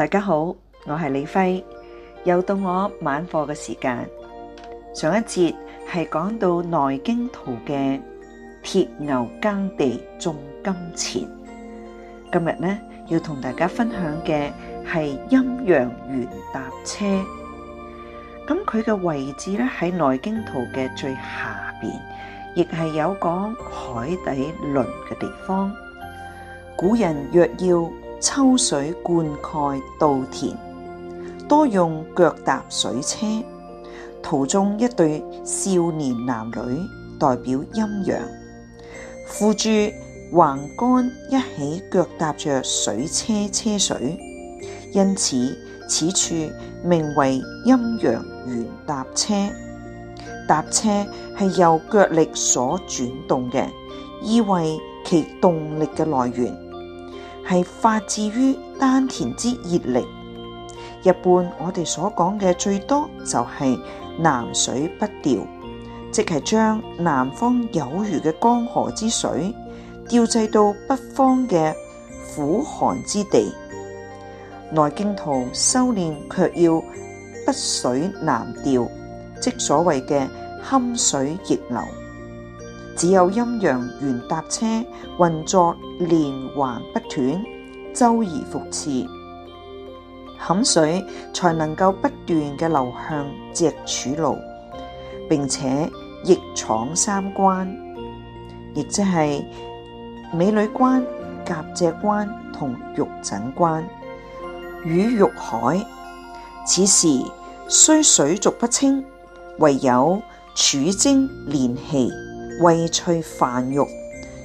大家好，我係李輝，又到我晚課嘅時間。上一節係講到內經圖嘅鐵牛耕地種金錢，今日呢要同大家分享嘅係陰陽圓搭車。咁佢嘅位置呢喺內經圖嘅最下邊，亦係有講海底輪嘅地方。古人若要。抽水灌溉稻田，多用腳踏水車。途中一對少年男女代表陰陽，扶住橫桿，一起腳踏着水車車水。因此，此處名為陰陽圓踏車。踏車係由腳力所轉動嘅，意為其動力嘅來源。係發自於丹田之熱力，一般我哋所講嘅最多就係南水北調，即係將南方有餘嘅江河之水調制到北方嘅苦寒之地。內經圖修煉卻要北水南調，即所謂嘅坎水逆流。只有陰陽圓搭車運作連環不斷，周而復始，坎水才能夠不斷嘅流向脊柱路，並且逆闖三關，亦即係尾閭關、夾脊關同玉枕關與玉海。此時雖水濁不清，唯有儲精練氣。喂翠泛玉，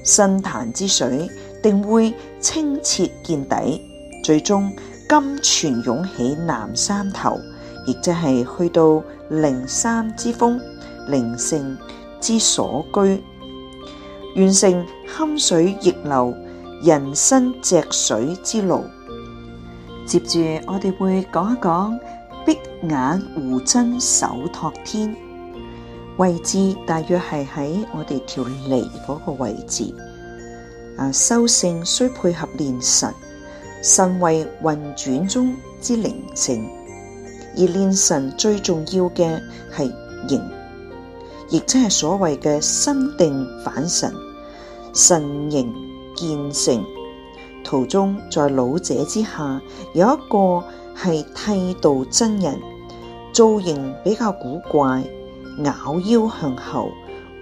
新潭之水定會清澈見底，最終甘泉湧起南山頭，亦即係去到靈山之峰，靈性之所居，完成坎水逆流，人生脊水之路。接住我哋會講一講碧眼胡僧手托天。位置大約係喺我哋條脷嗰個位置。啊，修性需配合練神，神為運轉中之靈性，而練神最重要嘅係形，亦即係所謂嘅身定反神，神形見性。途中在老者之下有一個係剃度真人，造型比較古怪。咬腰向後，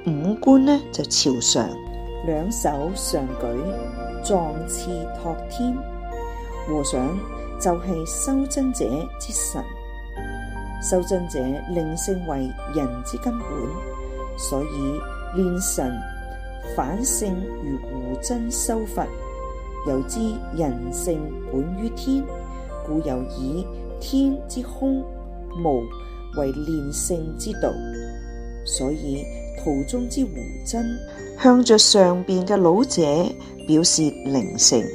五官呢就朝上，兩手上舉，壯翅托天。和尚就係修真者之神，修真者令性為人之根本，所以練神反性如無真修佛。又知人性本於天，故又以天之空無為練性之道。所以圖中之胡僧，向着上邊嘅老者表示靈性，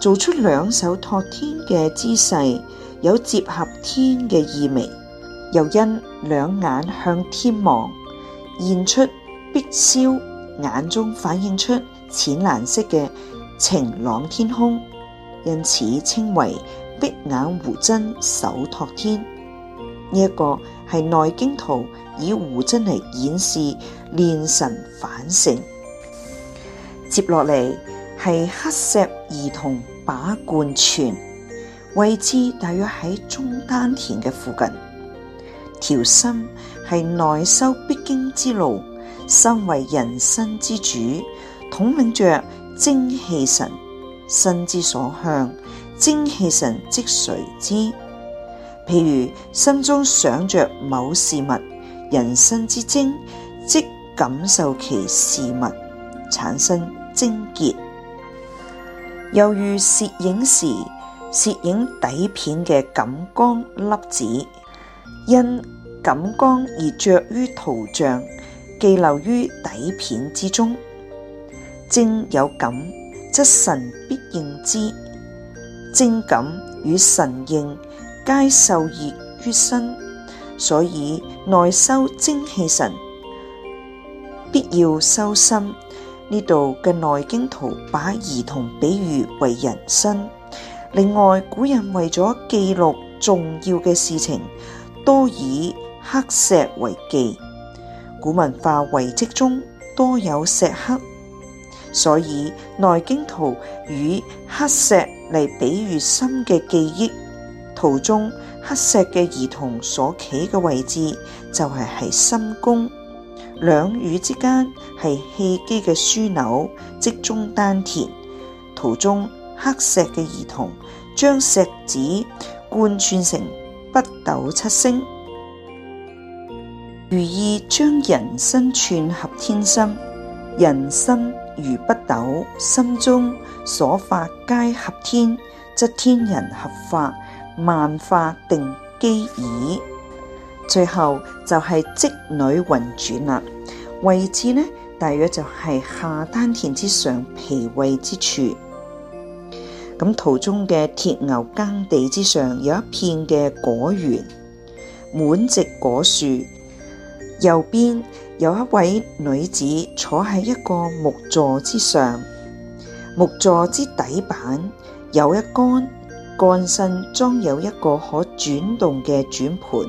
做出兩手托天嘅姿勢，有接合天嘅意味。又因兩眼向天望，現出碧霄眼中反映出淺藍色嘅晴朗天空，因此稱為碧眼胡僧手托天。呢一個係內經圖，以胡真嚟演示練神反性。接落嚟係黑石兒童把貫串，位置大約喺中丹田嘅附近。調心係內修必經之路，身為人身之主，統領着精氣神，身之所向，精氣神即隨之。譬如心中想着某事物，人生之精即感受其事物，產生精結。又如攝影時，攝影底片嘅感光粒子因感光而着於圖像，寄留於底片之中。精有感，則神必應之。精感與神應。皆受業於身，所以內修精氣神，必要修心。呢度嘅內經圖把兒童比喻為人身。另外，古人為咗記錄重要嘅事情，多以黑石為記。古文化遺跡中多有石刻，所以內經圖以黑石嚟比喻心嘅記憶。途中黑石嘅兒童所企嘅位置就係係心宮兩乳之間，係氣機嘅樞紐，即中丹田。途中黑石嘅兒童將石子貫穿成北斗七星，寓意將人身串合天心。人身如北斗，心中所發皆合天，則天人合發萬化定機矣，最後就係織女運轉啦。位置呢，大約就係下丹田之上，脾胃之處。咁圖中嘅鐵牛耕地之上有一片嘅果園，滿植果樹。右邊有一位女子坐喺一個木座之上，木座之底板有一杆。幹身裝有一個可轉動嘅轉盤，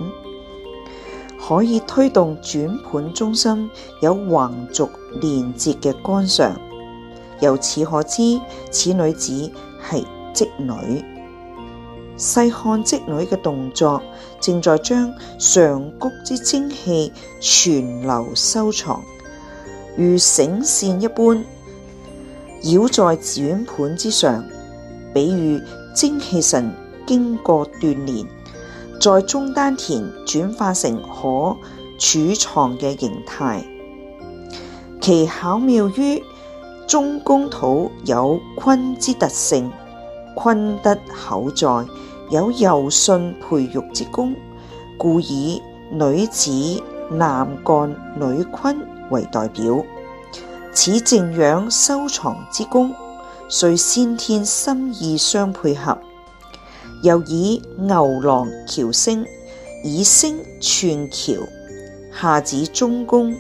可以推動轉盤中心有橫軸連接嘅杆上。由此可知，此女子係織女。細看織女嘅動作正在將上谷之精氣存留收藏，如繩綫一般繞在轉盤之上，比喻。精氣神經過鍛煉，在中丹田轉化成可儲藏嘅形態。其巧妙於中宮土有坤之特性，坤德厚載，有柔順培育之功，故以女子男乾女坤為代表，此靜養收藏之功。遂先天心意相配合，又以牛郎橋星以星串橋，下指中宮，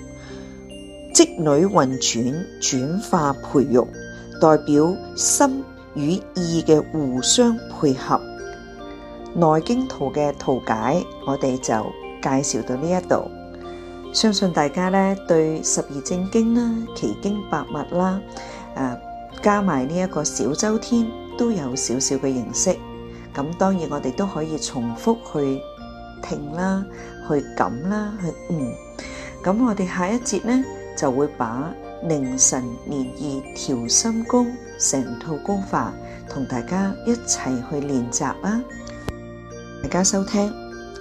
織女運轉轉化培育，代表心與意嘅互相配合。內經圖嘅圖解，我哋就介紹到呢一度，相信大家呢對十二正經啦、奇經八脈啦，誒、啊。加埋呢一個小周天都有少少嘅認識，咁當然我哋都可以重複去聽啦、去感啦、去悟。咁我哋下一節呢就會把凌晨練意調心功成套功法同大家一齊去練習啦。大家收聽，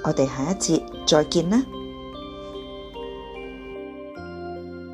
我哋下一節再見啦～